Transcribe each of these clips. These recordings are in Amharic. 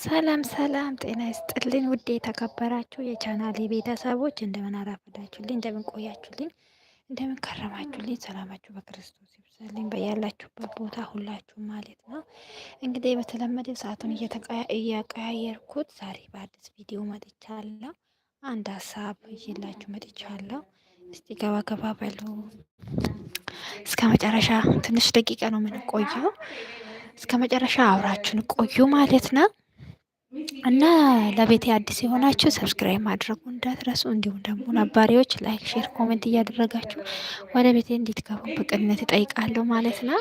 ሰላም ሰላም፣ ጤና ይስጥልኝ ውድ የተከበራችሁ የቻናሌ ቤተሰቦች እንደምን አራፈዳችሁልኝ፣ እንደምን ቆያችሁልኝ፣ እንደምን ከረማችሁልኝ። ሰላማችሁ በክርስቶስ ይብዛልኝ በያላችሁበት ቦታ ሁላችሁ ማለት ነው። እንግዲህ በተለመደው ሰዓቱን እያቀያየርኩት ዛሬ በአዲስ ቪዲዮ መጥቻለሁ። አንድ ሀሳብ ይዤላችሁ መጥቻለሁ። እስቲ ገባ ገባ በሉ እስከ መጨረሻ። ትንሽ ደቂቃ ነው የምንቆየው። እስከ መጨረሻ አብራችሁን ቆዩ ማለት ነው። እና ለቤቴ አዲስ የሆናችሁ ሰብስክራይብ ማድረጉ እንዳትረሱ፣ እንዲሁም ደግሞ ነባሪዎች ላይክ፣ ሼር፣ ኮሜንት እያደረጋችሁ ወደ ቤቴ እንዲትገቡ በቅንነት እጠይቃለሁ ማለት ነው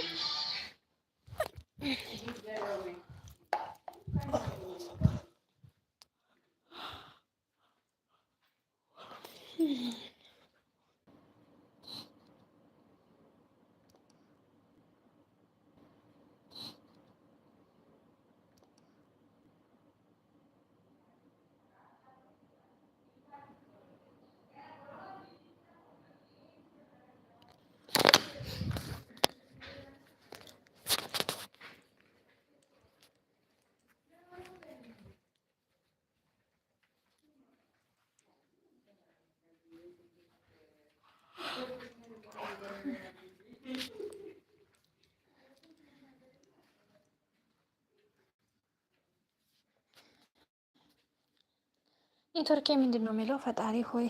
ኔትወርኬ ምንድን ነው የሚለው? ፈጣሪ ሆይ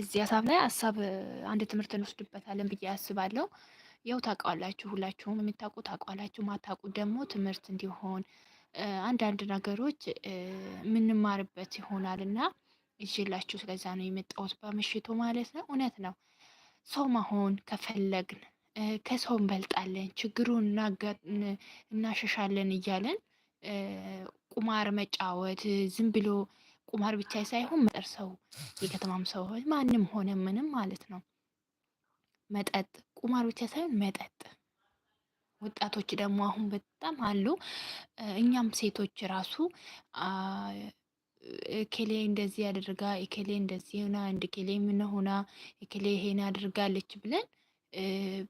እዚህ ሀሳብ ላይ ሀሳብ አንድ ትምህርት እንወስድበታለን ብዬ አስባለሁ። ያው ታውቃላችሁ፣ ሁላችሁም የሚታውቁ ታውቃላችሁ፣ ማታውቁ ደግሞ ትምህርት እንዲሆን አንዳንድ ነገሮች የምንማርበት ይሆናል እና ይዤላችሁ ስለዛ ነው የመጣሁት በምሽቱ ማለት ነው። እውነት ነው ሰው መሆን ከፈለግን ከሰው እንበልጣለን፣ ችግሩን እናሸሻለን እያለን ቁማር መጫወት ዝም ብሎ ቁማር ብቻ ሳይሆን መጠር ሰው የከተማም ሰው ማንም ሆነ ምንም ማለት ነው። መጠጥ ቁማር ብቻ ሳይሆን መጠጥ። ወጣቶች ደግሞ አሁን በጣም አሉ። እኛም ሴቶች ራሱ ኬሌ እንደዚህ አድርጋ ኬሌ እንደዚህ ሆና እንድ ኬሌ ምን ሆና ይሄን አድርጋለች ብለን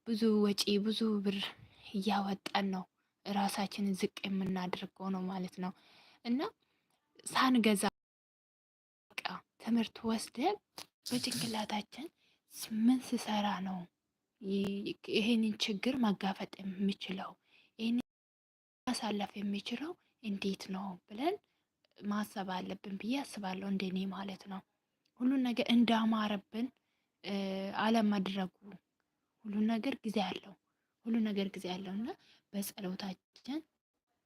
ብዙ ወጪ ብዙ ብር እያወጣን ነው ራሳችን ዝቅ የምናደርገው ነው ማለት ነው። እና ሳንገዛ በቃ ትምህርት ወስደን በጭንቅላታችን ምን ስሰራ ነው ይህንን ችግር መጋፈጥ የምችለው ይህንን ማሳለፍ የሚችለው እንዴት ነው ብለን ማሰብ አለብን ብዬ አስባለሁ። እንደኔ ማለት ነው ሁሉን ነገር እንዳማረብን አለማድረጉ ሁሉ ነገር ጊዜ አለው። ሁሉ ነገር ጊዜ አለው እና በጸሎታችን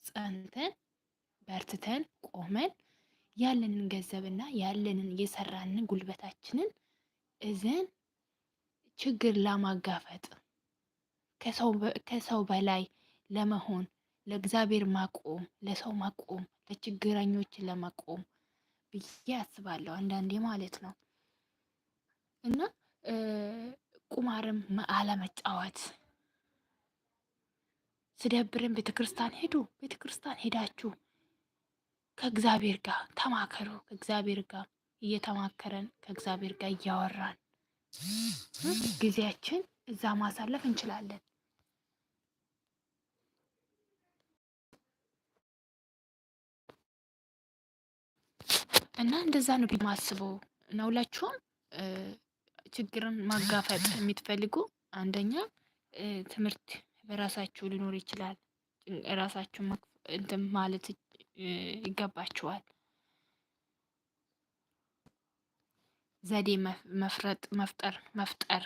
ጸንተን በርትተን ቆመን ያለንን ገንዘብና ያለንን የሰራንን ጉልበታችንን እዘን ችግር ለማጋፈጥ ከሰው በላይ ለመሆን ለእግዚአብሔር ማቆም ለሰው ማቆም ለችግረኞችን ለማቆም ብዬ አስባለሁ። አንዳንዴ ማለት ነው እና ቁማርም አለመጫወት። ስደብርን ቤተ ክርስቲያን ሄዱ። ቤተ ክርስቲያን ሄዳችሁ ከእግዚአብሔር ጋር ተማከሩ። ከእግዚአብሔር ጋር እየተማከረን ከእግዚአብሔር ጋር እያወራን ጊዜያችን እዛ ማሳለፍ እንችላለን። እና እንደዛ ነው ማስበው ነው ሁላችሁም ችግርን ማጋፈጥ የምትፈልጉ አንደኛ ትምህርት በራሳችሁ ሊኖር ይችላል። ራሳችሁ እንትን ማለት ይገባችኋል። ዘዴ መፍረጥ፣ መፍጠር፣ መፍጠር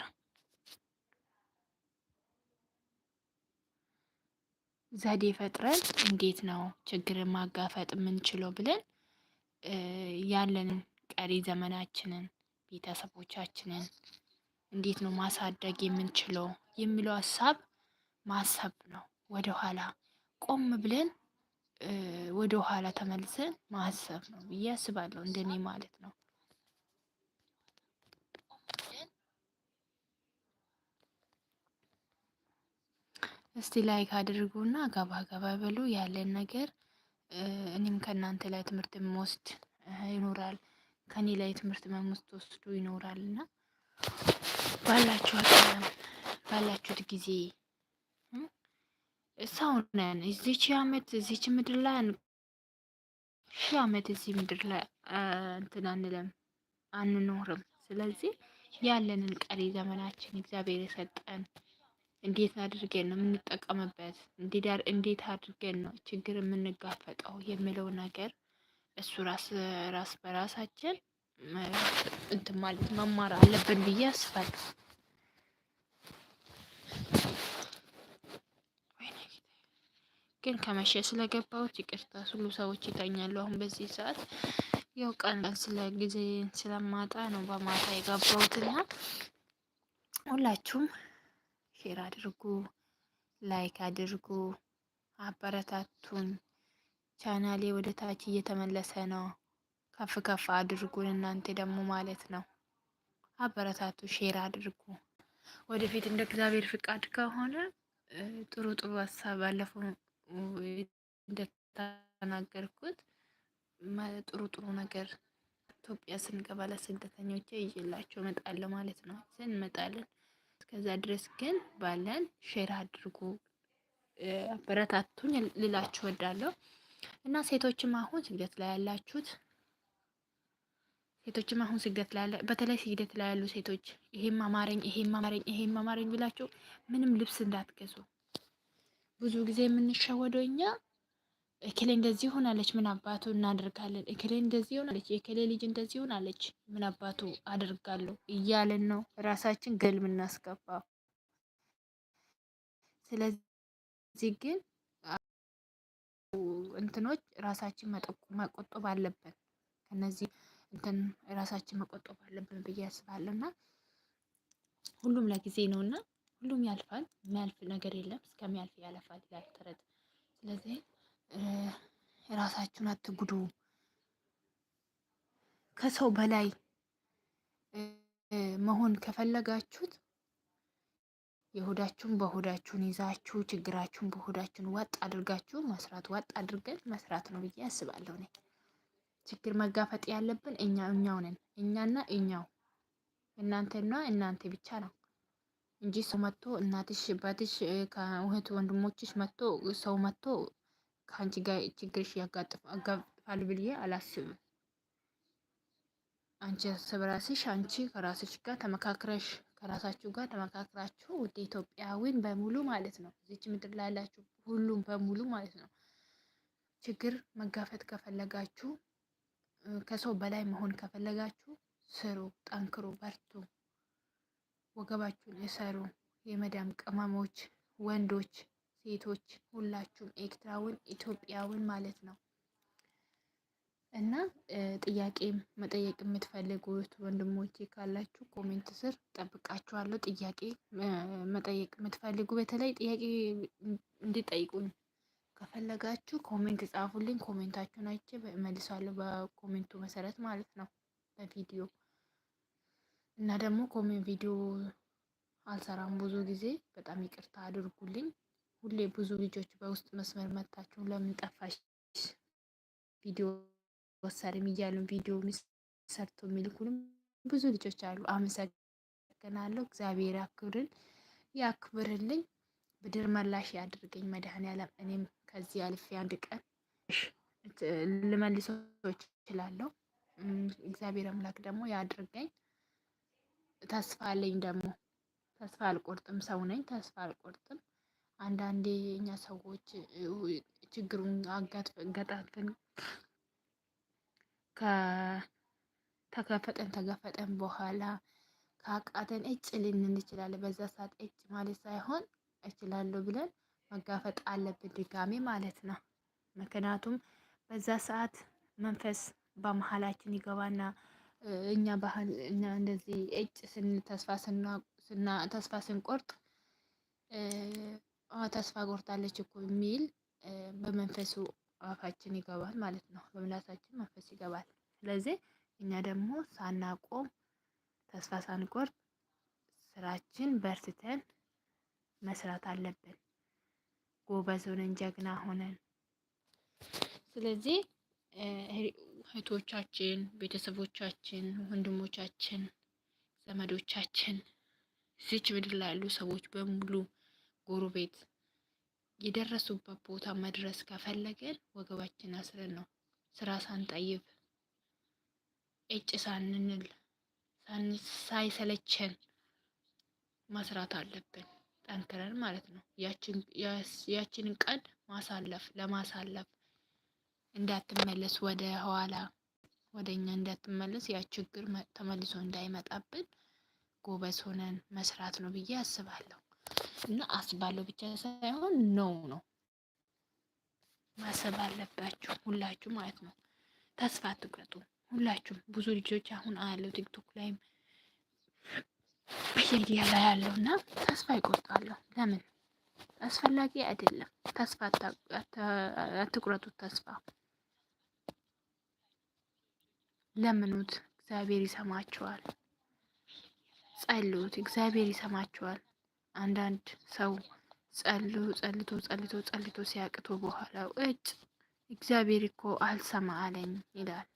ዘዴ ፈጥረን እንዴት ነው ችግርን ማጋፈጥ የምንችለው ብለን ያለንን ቀሪ ዘመናችንን ቤተሰቦቻችንን እንዴት ነው ማሳደግ የምንችለው የሚለው ሀሳብ ማሰብ ነው። ወደኋላ ቆም ብለን ወደ ኋላ ተመልሰን ማሰብ ነው ብዬ አስባለሁ፣ እንደኔ ማለት ነው። እስቲ ላይክ አድርጉና ገባ ገባ በሉ ያለን ነገር እኔም ከእናንተ ላይ ትምህርት የምወስድ ይኖራል። ከኔ ላይ ትምህርት መምስ ተወስዶ ይኖራል እና ባላችሁ አቅም ባላችሁት ጊዜ ሰው ነን። እዚች አመት እዚች ምድር ላይ ሺህ አመት እዚህ ምድር ላይ እንትን አንለም አንኖርም። ስለዚህ ያለንን ቀሪ ዘመናችን እግዚአብሔር የሰጠን እንዴት አድርገን ነው የምንጠቀምበት፣ እንዴት አድርገን ነው ችግር የምንጋፈጠው የሚለው ነገር እሱ ራስ ራስ በራሳችን እንትን ማለት መማር አለብን ብዬ አስባለሁ። ግን ከመሸ ስለገባሁት ይቅርታ። ሁሉ ሰዎች ይተኛሉ አሁን በዚህ ሰዓት። ያው ቀን ስለ ጊዜ ስለማጣ ነው በማታ ና ሁላችሁም ሼር አድርጉ፣ ላይክ አድርጉ፣ አበረታቱን። ቻናሌ ወደ ታች እየተመለሰ ነው። ከፍ ከፍ አድርጉን እናንተ ደግሞ ማለት ነው። አበረታቱ፣ ሼር አድርጉ። ወደፊት እንደ እግዚአብሔር ፍቃድ ከሆነ ጥሩ ጥሩ ሀሳብ ባለፈው እንደተናገርኩት ጥሩ ጥሩ ነገር ኢትዮጵያ ስንገባ ለስደተኞች ይዤላቸው እመጣለሁ ማለት ነው። እንመጣለን። እስከዛ ድረስ ግን ባለን ሼር አድርጉ፣ አበረታቱኝ ልላችሁ እወዳለሁ። እና ሴቶችም አሁን ስግደት ላይ ያላችሁት ሴቶችም አሁን ስግደት ላይ ያለ በተለይ ስግደት ላይ ያሉ ሴቶች ይሄም አማረኝ ይሄም አማረኝ ይሄም አማረኝ ብላችሁ ምንም ልብስ እንዳትገዙ። ብዙ ጊዜ የምንሸወደው እኛ እክሌ እንደዚህ ሆናለች፣ ምን አባቱ እናደርጋለን፣ እክሌ እንደዚህ ሆናለች፣ የእክሌ ልጅ እንደዚህ ሆናለች፣ ምን አባቱ አደርጋለሁ እያለን ነው ራሳችን ገል ምናስገባ። ስለዚህ ግን እንትኖች ራሳችን መቆጠብ አለብን። ከነዚህ እንትን ራሳችን መቆጠብ አለብን ብዬ አስባለሁ። እና ሁሉም ለጊዜ ነው እና ሁሉም ያልፋል። የሚያልፍ ነገር የለም። እስከሚያልፍ ያለፋል ይላል ተረት። ስለዚህ ራሳችሁን አትጉዱ። ከሰው በላይ መሆን ከፈለጋችሁት የሆዳችሁን በሆዳችሁን ይዛችሁ ችግራችሁን በሆዳችሁን ዋጥ አድርጋችሁ መስራት ዋጥ አድርገን መስራት ነው ብዬ አስባለሁ። እኔ ችግር መጋፈጥ ያለብን እኛ እኛው ነን፣ እኛና እኛው እናንተና እናንተ ብቻ ነው እንጂ ሰው መጥቶ እናትሽ ባትሽ ከውህት ወንድሞችሽ መጥቶ ሰው መጥቶ ከአንቺ ጋር ችግርሽ ያጋጥፋል ብዬ አላስብም። አንቺ ስብራስሽ አንቺ ከራስሽ ጋር ተመካክረሽ ከራሳችሁ ጋር ተመካክራችሁ ውድ ኢትዮጵያዊን በሙሉ ማለት ነው እዚች ምድር ላይ ያላችሁ ሁሉም በሙሉ ማለት ነው ችግር መጋፈጥ ከፈለጋችሁ ከሰው በላይ መሆን ከፈለጋችሁ ስሩ፣ ጠንክሩ፣ በርቱ፣ ወገባችሁን እሰሩ። የመዳም ቅመሞች፣ ወንዶች፣ ሴቶች ሁላችሁም ኤርትራውን ኢትዮጵያውን ማለት ነው እና ጥያቄ መጠየቅ የምትፈልጉት ወንድሞቼ ካላችሁ ኮሜንት ስር ጠብቃችኋለሁ። ጥያቄ መጠየቅ የምትፈልጉ በተለይ ጥያቄ እንዲጠይቁኝ ከፈለጋችሁ ኮሜንት ጻፉልኝ። ኮሜንታችሁን አይቼ መልሳለሁ፣ በኮሜንቱ መሰረት ማለት ነው በቪዲዮ እና ደግሞ ኮሜንት ቪዲዮ አልሰራም ብዙ ጊዜ። በጣም ይቅርታ አድርጉልኝ። ሁሌ ብዙ ልጆች በውስጥ መስመር መታችሁ ለምን ጠፋሽ ቪዲዮ ወሰድም እያሉን ቪዲዮ ሰርቶ የሚልኩንም ብዙ ልጆች አሉ። አመሰግናለሁ። እግዚአብሔር ያክብርን ያክብርልኝ፣ ብድር መላሽ ያድርገኝ መድኃኔዓለም። እኔም ከዚህ አልፌ አንድ ቀን ልመልሶ እችላለሁ። እግዚአብሔር አምላክ ደግሞ ያድርገኝ። ተስፋ አለኝ ደግሞ ተስፋ አልቆርጥም። ሰው ነኝ፣ ተስፋ አልቆርጥም። አንዳንዴ እኛ ሰዎች ችግሩን አጋጥፈን ተከፈጠን ተገፈጠን በኋላ ካቃተን እጭ ልንን እንችላለን። በዛ ሰዓት እጭ ማለት ሳይሆን እችላለሁ ብለን መጋፈጥ አለብን ድጋሜ ማለት ነው። ምክንያቱም በዛ ሰዓት መንፈስ በመሀላችን ይገባና እኛ ባህል እኛ እንደዚህ እጭ ተስፋ ስንቆርጥ ተስፋ ቆርጣለች እኮ የሚል በመንፈሱ አፋችን ይገባል ማለት ነው። በምላሳችን መንፈስ ይገባል። ስለዚህ እኛ ደግሞ ሳናቆም ተስፋ ሳንቆርጥ ስራችን በርትተን መስራት አለብን። ጎበዝ ሆነን ጀግና ሆነን ስለዚህ እህቶቻችን፣ ቤተሰቦቻችን፣ ወንድሞቻችን፣ ዘመዶቻችን እዚች ምድር ላይ ያሉ ሰዎች በሙሉ ጎረቤት የደረሱበት ቦታ መድረስ ከፈለገን ወገባችን አስረን ነው ስራ ሳንጠይብ እጭ ሳንንል ሳይሰለቸን መስራት አለብን። ጠንክረን ማለት ነው። ያችንን ቀን ማሳለፍ ለማሳለፍ እንዳትመለስ ወደ ኋላ ወደ እኛ እንዳትመለስ ያ ችግር ተመልሶ እንዳይመጣብን ጎበዝ ሆነን መስራት ነው ብዬ አስባለሁ። እና አስባለሁ ብቻ ሳይሆን ነው ነው ማሰብ አለባችሁ ሁላችሁ ማለት ነው። ተስፋ አትቁረጡ ሁላችሁም። ብዙ ልጆች አሁን አያለው ቲክቶክ ላይም በየሚዲያ ላይ ያለው እና ተስፋ ይቆርጣለሁ። ለምን አስፈላጊ አይደለም። ተስፋ አትቁረጡት። ተስፋ ለምኑት፣ እግዚአብሔር ይሰማቸዋል። ጸልዩት፣ እግዚአብሔር ይሰማቸዋል። አንዳንድ ሰው ጸሎ ጸልቶ ጸልቶ ጸልቶ ሲያቅቶ በኋላው እጭ እግዚአብሔር እኮ አልሰማ አለኝ ይላል።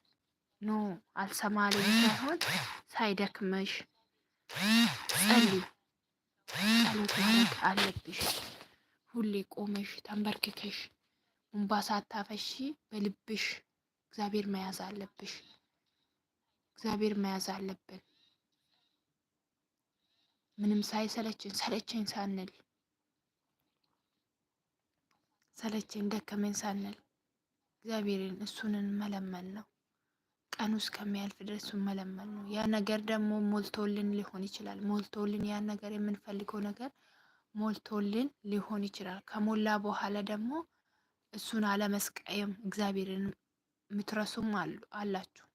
ኖ አልሰማ አለኝ ሳይሆን ሳይደክመሽ ጸል ጸሎት ማድረግ አለብሽ። ሁሌ ቆመሽ ተንበርክከሽ እንባ ሳታፈሺ በልብሽ እግዚአብሔር መያዝ አለብሽ። እግዚአብሔር መያዝ አለብን። ምንም ሳይሰለችን ሰለችን ሳንል ሰለችን ደከመን ሳንል እግዚአብሔርን እሱንን መለመን ነው። ቀኑ እስከሚያልፍ ድረስ መለመን ነው። ያ ነገር ደግሞ ሞልቶልን ሊሆን ይችላል። ሞልቶልን ያ ነገር የምንፈልገው ነገር ሞልቶልን ሊሆን ይችላል። ከሞላ በኋላ ደግሞ እሱን አለመስቀየም እግዚአብሔርን ምትረሱም አላችሁ።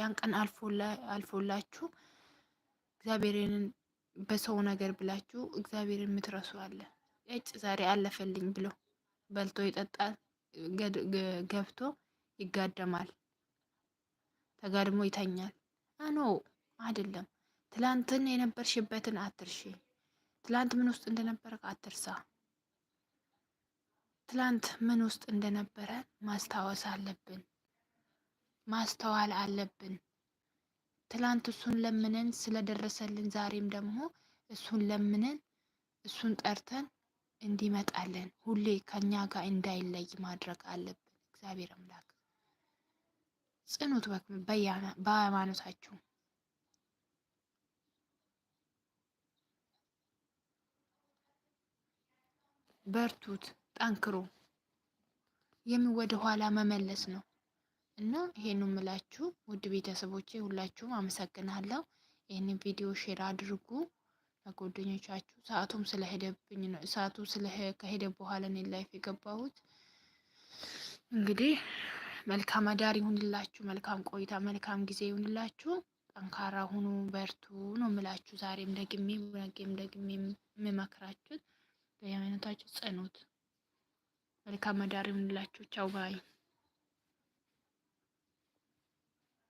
ያን ቀን አልፎላችሁ እግዚአብሔርን በሰው ነገር ብላችሁ እግዚአብሔር የምትረሱ አለ። ጭ ዛሬ አለፈልኝ ብሎ በልቶ ይጠጣል፣ ገብቶ ይጋደማል፣ ተጋድሞ ይተኛል። አኖ አይደለም። ትላንትን የነበርሽበትን አትርሺ። ትላንት ምን ውስጥ እንደነበረ አትርሳ። ትላንት ምን ውስጥ እንደነበረ ማስታወስ አለብን፣ ማስተዋል አለብን። ትላንት እሱን ለምነን ስለደረሰልን ዛሬም ደግሞ እሱን ለምነን እሱን ጠርተን እንዲመጣልን ሁሌ ከኛ ጋር እንዳይለይ ማድረግ አለብን። እግዚአብሔር አምላክ ጽኑት በሃይማኖታችሁ። በርቱት፣ ጠንክሮ የምን ወደ ኋላ መመለስ ነው። እና ይሄን ምላችሁ ውድ ቤተሰቦቼ ሁላችሁም አመሰግናለሁ። ይህን ቪዲዮ ሼር አድርጉ ለጓደኞቻችሁ። ሰዓቱም ስለሄደብኝ ነው። ሰዓቱ ከሄደ በኋላ እኔ ላይፍ የገባሁት እንግዲህ መልካም አዳር ይሁንላችሁ። መልካም ቆይታ፣ መልካም ጊዜ ይሁንላችሁ። ጠንካራ ሁኑ፣ በርቱ ነው ምላችሁ። ዛሬም ደግሜ ነገም ደግሜ የምመክራችሁ በየአይነታችሁ ጽኑት። መልካም አዳር ይሁንላችሁ። ቻው ባይ